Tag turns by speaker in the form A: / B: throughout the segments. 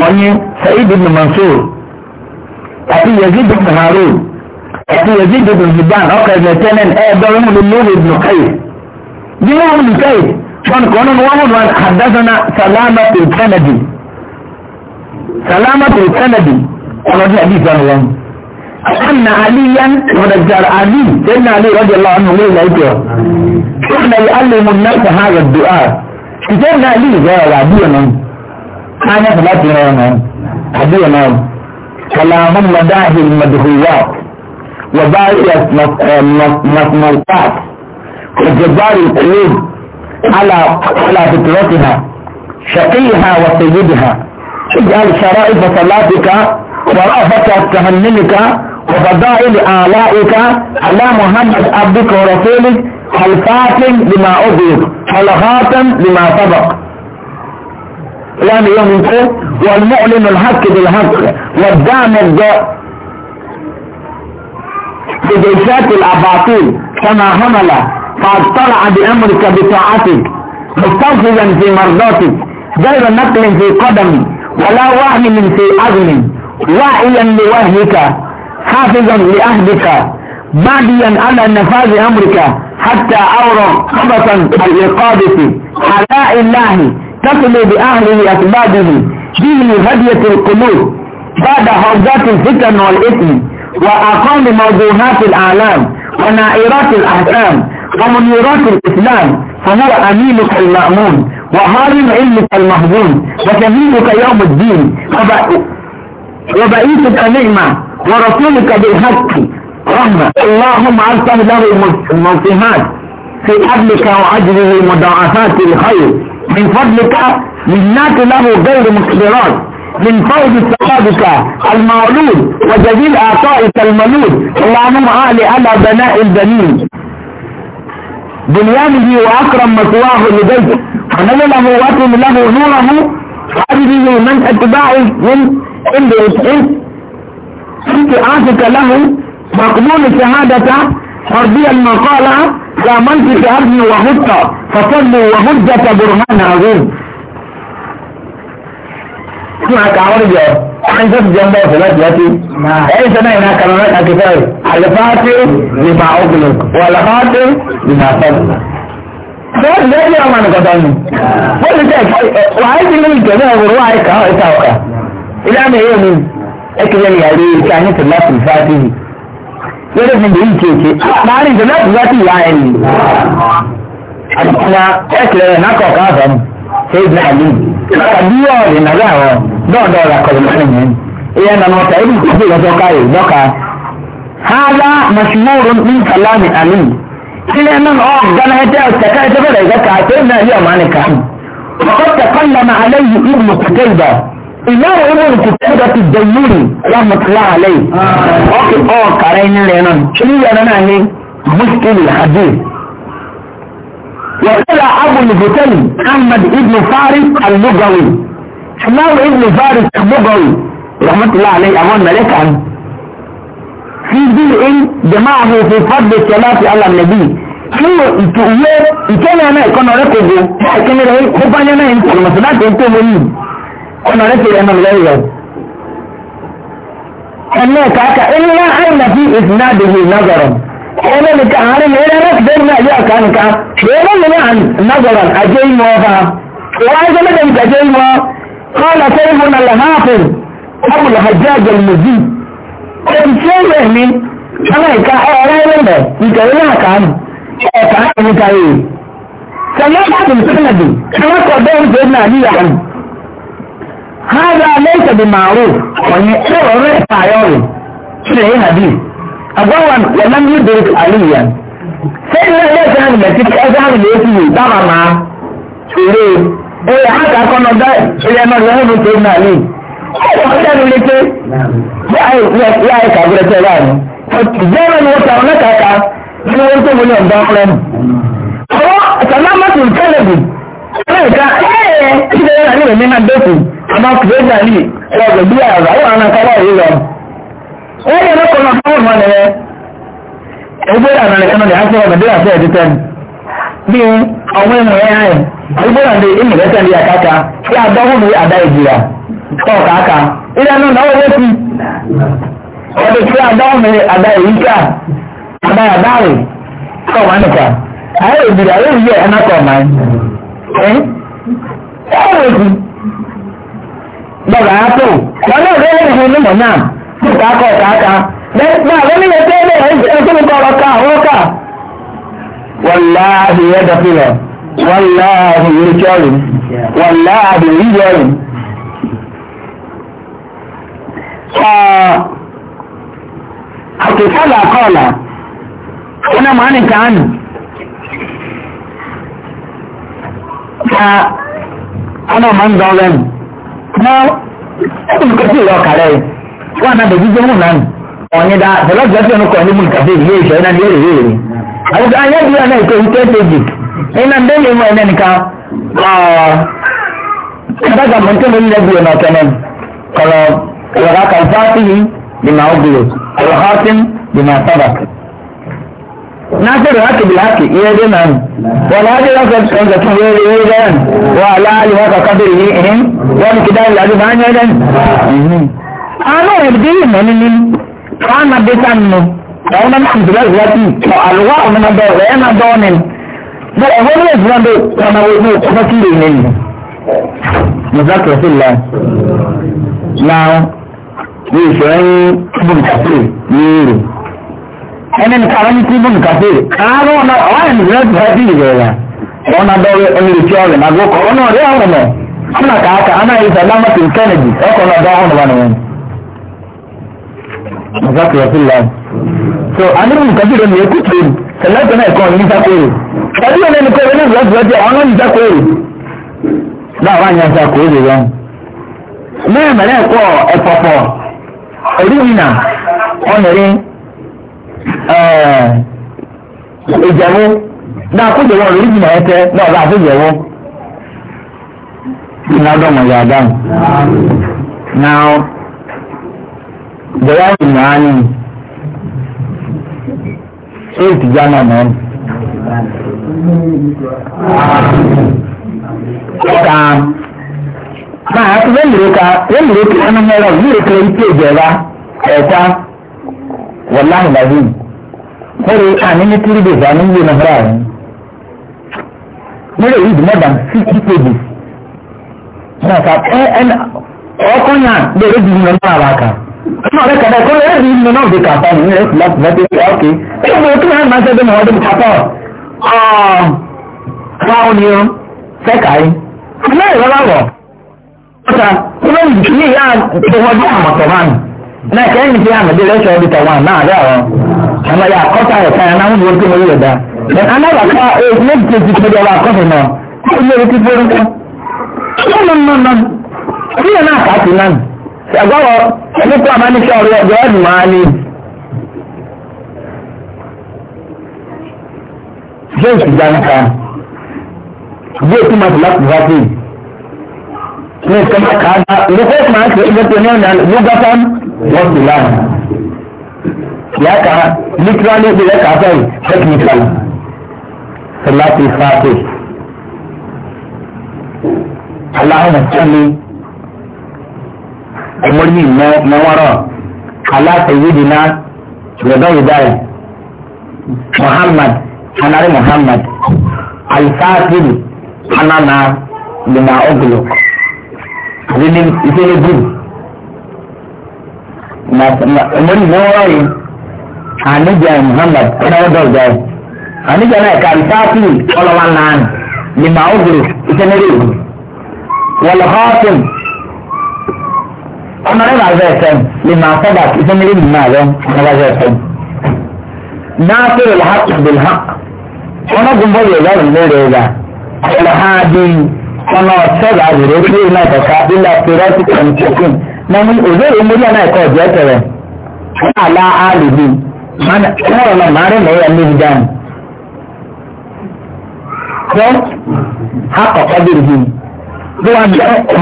A: wọ́n ní saheed ibn mansour àti yazid ibn harun àti yazid ibn zidan ọkọ̀ ẹ̀jẹ̀ tẹ́lẹ̀ ẹ̀ẹ́dọ́rọ̀ ń lò lórí ibn kayi nínú ibn kayi wọn kọ́ nínú wọn wọn àdásánà salama bin kennedy salama bin kennedy ọlọ́dún àdìsí ọ̀nà wọn. أن عليا ونجار علي سيدنا علي رضي الله عنه ليه لأيكه كنا يعلم الناس هذا الدعاء سيدنا علي قال عبيا من كان ثلاث يوما هذه كلام المداهي المدهوات وبائية مصنوطات وجبار القلوب على على فطرتها شقيها وسيدها اجعل شرائف صلاتك ورأفة تهنمك وفضائل آلائك على محمد عبدك ورسولك حلفات لما أبيض حلقات لما سبق يعني يوم الفور والمعلن الحق بالحق والدعم الضاء في الأباطيل كما همل فاضطرع بأمرك بطاعتك مستنفذا في مرضاتك غير نقل في قدم ولا واهم في عزم واعيا لوهك حافظا لاهلك باديا على نفاذ أمرك حتى اورى قبطا الإقادة على الله تقل بأهله أسبابه فيه هدية القلوب بعد حوزات الفتن والإثم وأقام موضوعات الأعلام ونائرات الأحكام ومنيرات الإسلام فهو أمينك المأمون وهارم علمك المهزوم وكميلك يوم الدين وبئيتك نعمة ورسولك بالحق رحمة اللهم أرسل له المنصحات في حبلك وعجله مضاعفات الخير من فضلك منات له غير مقدرات من فوز ثوابك المعلوم وجزيل اعطائك الملول اللهم اعل على بناء البنين بنيانه واكرم مثواه لبيته حمل له واتم له نوره عبده من اتباعه من عند انت عاشك له مقبول شهادته فرضيا ما قال لا من في أرضي وهدت فصل وهدت برهان أقول كما كعور جاء عن جد جنب الثلاث ياتي أي سنة هنا كما نتعى كفاية الفاتح لما أقلق والفاتح لما أقلق فهل ذلك يا مانا قدامي فهل ذلك وعيد من الجميع ورواعي كهو إتاوكا إلا ما يومين اكذل يا لي كانت الله في الفاتح lórí fi lèyí kéèké láàrin ìjọba ìjọba ti yá ẹni àtúnṣe ẹkẹrẹ rẹ nákọ káàbọ ṣé ìdí àlè àbí ọ̀rẹ́ nàgbà àwọn dọ́ọ̀dọ́ ọ̀rẹ́ akọ̀rọ̀ lọ́sẹ̀ yẹn ìyá nànà ọ̀tà ẹbí kò sí ìlọ́sọ káyè dọ́ka hàlá màṣúmọ́rò ní kàlámì àlè ilé náà ọ̀ gánà ẹ̀tẹ́ ọ̀tẹ̀ká ẹ̀tẹ́ fẹ́rẹ̀ ẹ̀gá kà ìyáwó olóòrùn kò tẹ́lẹ̀ bá ti dẹ̀yìnrì rámọ̀tílá alẹ́ yìí ah. ọkì ọ̀kàrà ẹni rẹ̀ náà ṣílí yàrá náà ní muskil hadé wàtẹ́lá abúlùbọ̀tẹ́lì ahmed ibn faris al-mugawi ṣùgbọ́n ibn faris al-mugawi rámọ̀tílá alẹ́ àwọn mẹ́lẹ́kà ní fi bí in jẹ́mọ́ àwọn òfin fọ́dé ṣẹlá ti alàmẹ́bí nínú ìtòwé ìkẹ́lẹ̀ náà ìkọ́nà rẹ̀ kò gbó ẹ̀kẹ́lẹ̀ rẹ̀ kó bá yẹn náà ń tẹ̀lé أما نفي أما الغير هناك عكا إلا أن في إسناده نظرا أنا نكعان إلا نكدر ما جاء كانك ولا منعا نظرا أجي موفا وإذا لم تجي موفا قال سيفنا الحافظ أبو الحجاج المزيد كان سيفه من أنا إكا أرى لنا يكوينا كان أكا أكا أكا سمعت بالسند كما قدام سيدنا علي عنه هذا ليس بمعروف ويقول عياري شنو حديث أقوى ولم يدرك عليا سيدنا ليس هذا المسجد أيضا هذا الاسم طبعا مع شوريه ايه حتى أكون ده شوريه مرة هنا سيدنا علي وكانوا لك لا لا يكابر سلام زمن وصلنا كاكا من وانتم اليوم داخلهم هو تماما في الكلب كيف كان ايه كده يعني من عندكم amma ku zai gani ya ga biya ga wa ana kawo yi ga wani ne kuma kawo ma ne ebe da na kana da hasa ga da sai da bi awon ne ya yi ebe da da in da tan ya kaka ya da hu ya da jira to kaka ina nan da wani ki wanda ki ya da mu ya da yi ka ada ya da ri to ma ne ka ai bi da yi ya na ko ma eh
B: bọ̀dà àpò wọn náà ló wọ́n fún
A: mímọ̀ náà tó kákọ̀ káka náà wọ́n nílẹ̀ tó ilé ẹ̀sìn kọ́ ọ̀rọ̀ ká àwọn ká. wàláhì ẹ̀dọ̀ fìlọ̀ wàláhì ìrìkẹ́rì wàláhì ìrìyẹ́rì. àkìkọ́là kọ́ọ̀là wọn náà máa nìkan ánì. Ana man dɔn lɛnu. Now, Ibn Kathir lọ kàrẹ́ yìí. Wọ́n náà bẹ̀rẹ̀ jíjẹ́ mú náà ọ̀nyẹ́ dá Bẹ̀lọ́dì ọ̀sẹ̀ ọ̀nù kọ̀ ní Ibn Kathir yìí ìṣọ̀ iná ní èrè èrè. Àwùjọ ayé bí ọ̀nà ìkọ̀ ìkọ̀ ètèjì. Iná ń délé mọ́ ẹ̀nẹ́ nìkan.
B: Àbájá mọ̀ nítorí ilẹ̀ bí ọ̀nà ọ̀kẹ́nẹ́
A: kọ̀rọ̀ ìwọ̀n ناصر هاتي بالحكي يا دمان ولا أدري أنك أنك تقول إيران وعلى آله وقع قدره إهم وأنا كده العزيز عن إيران أنا أبدي من أنا بديت عنه أنا ما أحمد الله ذاتي الواقع من الدور أنا دونن بل أقول لك من دور أنا أقول لك فكير مني مذاكرة في الله now we should be happy, ẹni nìkan ara ní kí bó nìkan pé àárọ̀ ọ̀nà ọ̀hán ẹni rẹ̀ ti fẹ́ sí ìrẹ̀lẹ̀ wọn náà dọ́wọ́ omi ìtí ọ̀rẹ́ náà gbọ́kọ̀ ọ̀nà ọ̀rẹ́ ọ̀rẹ́ mọ̀ ọ̀nà kàákà ọ̀nà ìfẹ́ lámọ́tì kẹ́nẹ̀dì ọkọ̀ náà dọ́wọ́ ọ̀nà wọn nìyẹn. Mọ̀sáàkì rẹ̀ fúnra. So àníbi nǹkan tí ìròyìn èkó tó sẹ̀lẹ́tọ̀ náà kọ́ ní sákòrò. Tàbí ọ̀nà ẹni kọ́ ní ìrọ̀jù ọjọ́ ọ̀nà ní sákòrò. Náà wá yan sákòrò rẹ̀. Mẹ́rin mẹ́rin ẹ̀kọ́ ẹ̀pọ̀pọ̀ orí mi nà ọ̀nà rẹ̀ ìjẹ̀wó náà kójọ wọn lórí ìgbìmọ̀ ẹ̀tẹ́ náà bá àfẹ́jẹ̀wó iná dọ̀mọ̀ yà dáhùn. Now, ìjọba ìmọ̀ á ní eight jana mọ́. Ọ̀tà máa ń lè ka lè ka ẹnu mẹ́rọ̀ lè ka ìpè ìjọba ẹ̀ta wàláhì làbí wọ́n àní ní three days àní ní nàbàrà rẹ̀ nílẹ̀ yìí more than fifty pages náà ká ẹ ẹ ọkọ̀ yàn lórí ibi ìnà náà wà ká ọmọ rẹ kàdá kọ́ lórí ibi ìnà náà bí kàtà ní ilẹ̀ ìfúlá ti lọ́dẹ ẹ̀ ọ́kẹ́ ẹ̀ ẹ̀ mọ̀ kí wọ́n máa ṣe dé mọ̀ ọdún kàtà ọ̀ báwo ni ó fẹ́ka yìí ọ̀nà ìrọ̀lá wọ̀ ọ̀tà ó lóyún kí ní ìyá ìwọ́dún àmọ̀tọ̀ báyìí náà kẹ́yìn tí àmì dé lẹ́sọ̀ ọdún tàwọn àná àdá wọn àmọ́ yà kọ́ta ẹ̀ka yẹn náà wọ́n ti mọ yíyọ̀ dá anáwàká èyí ní ti ti tó dọ̀wọ́ àkọ́fẹ́ náà ó lé orí kíkó orúkọ nọ́nọ́nọ́nọ́ orí yẹn náà kàá sí náà ṣàgbọ́wọ́ ẹni tó àmà níṣẹ́ ọ̀rẹ́ ọ̀dọ́ ẹ̀ nùmọ́ ni james janka james tumatu láti wá sí ní ìkọ́mọ́ kàá bá ìrúkọ́ ìkọ́mọ́ wọ́n ti láàyè. Yàtà literally ṣe yẹ kàtà yìí technical salati fati. Aláhùn sọ́ni ọmọdé mọ́wọ́rọ̀ aláṣẹ̀yédìná yọ̀dọ̀yọ̀dáyà Muhammad Anari Muhammad Alifasiri Anana Lina Ogolo. Ìṣẹ́lẹ̀ gúrù mori mo wáyé anija muhammad ọ̀nà ọ̀dọ̀ ọ̀gá ẹ̀ anija náà kàrí sáàtì ọlọ́wà náà ní màá ó gbèrè ìtẹ́nẹ́rẹ́ ìlú wọlé họ́ọ̀tìm ọ̀nà rẹ̀ bàbá ẹ̀fẹ́ ní màá sábà ìtẹ́nẹ́rẹ́ ìlú náà rẹ̀ ọ̀nà bàbá ẹ̀fẹ́ náà fẹ́rẹ̀ lọ́hàkì bìlhàk ọ̀nà gbogbo yẹ̀ lọ́rùn lórí ẹ̀dá ọ̀nà ha dín ọ̀nà ọ̀sẹ̀ na mun ozoro muri ana ko je tere ala alibi mana ko na mare ne ya ni dan ko haka qadirhi do an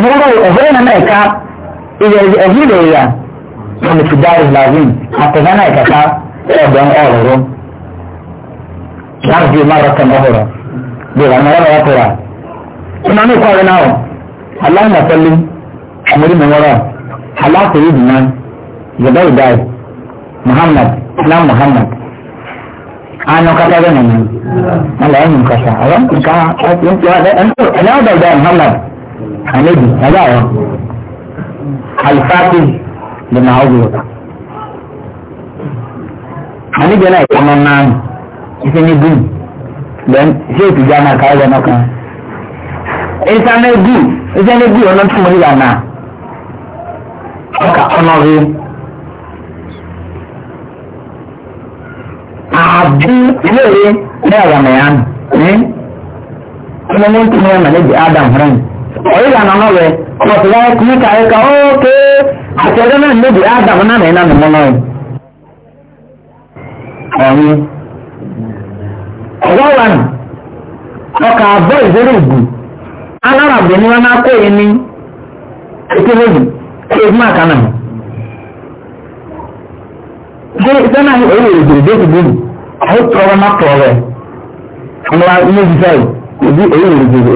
A: horo horo na ka ile ile ya mun kidar lazim haka na ka ka don ororo yarji maratan ohoro do na mara ya tora kuna ni ko na o Allah na halal sayidina zubair dai muhammad na muhammad an ah, yau kata gane nan ah, malayan yin kasa a yan kuka a yin kuwa ah, da yan kuwa na wadda da muhammad hanabi na za a yau alfafi da na hau hanabi yana kamar nan ita ne gun don sai tu jana kawai da nakan ita ne gun ita ne gun wannan tumuri na ọkà ọlọ́rí àbí léèrè ní ẹ̀rọ mẹ́yàn ní ọmọ ní ntúmọ̀ ẹ̀mà níbi adam rẹ̀ ọ̀yí lànà náà rẹ̀ ọmọ tí wọ́n kú níta ẹ̀ka ókè àtẹ̀rẹ́ náà níbi adam náà mẹ́yìn náà nìmọ́ náà ọ̀yí ọ̀wọ́ wa nù ọkà àbọ̀ ìdérè ìgbù alára wọn náà kó yìí ní ṣe fún àkànnà mi. ṣé sẹ́nà ni èyí èrè gbèrè déètì bíi àyè tọrọ má tọrọ ẹ̀ ọmọ wa ní ibi sáyì èyí èrè gbèrè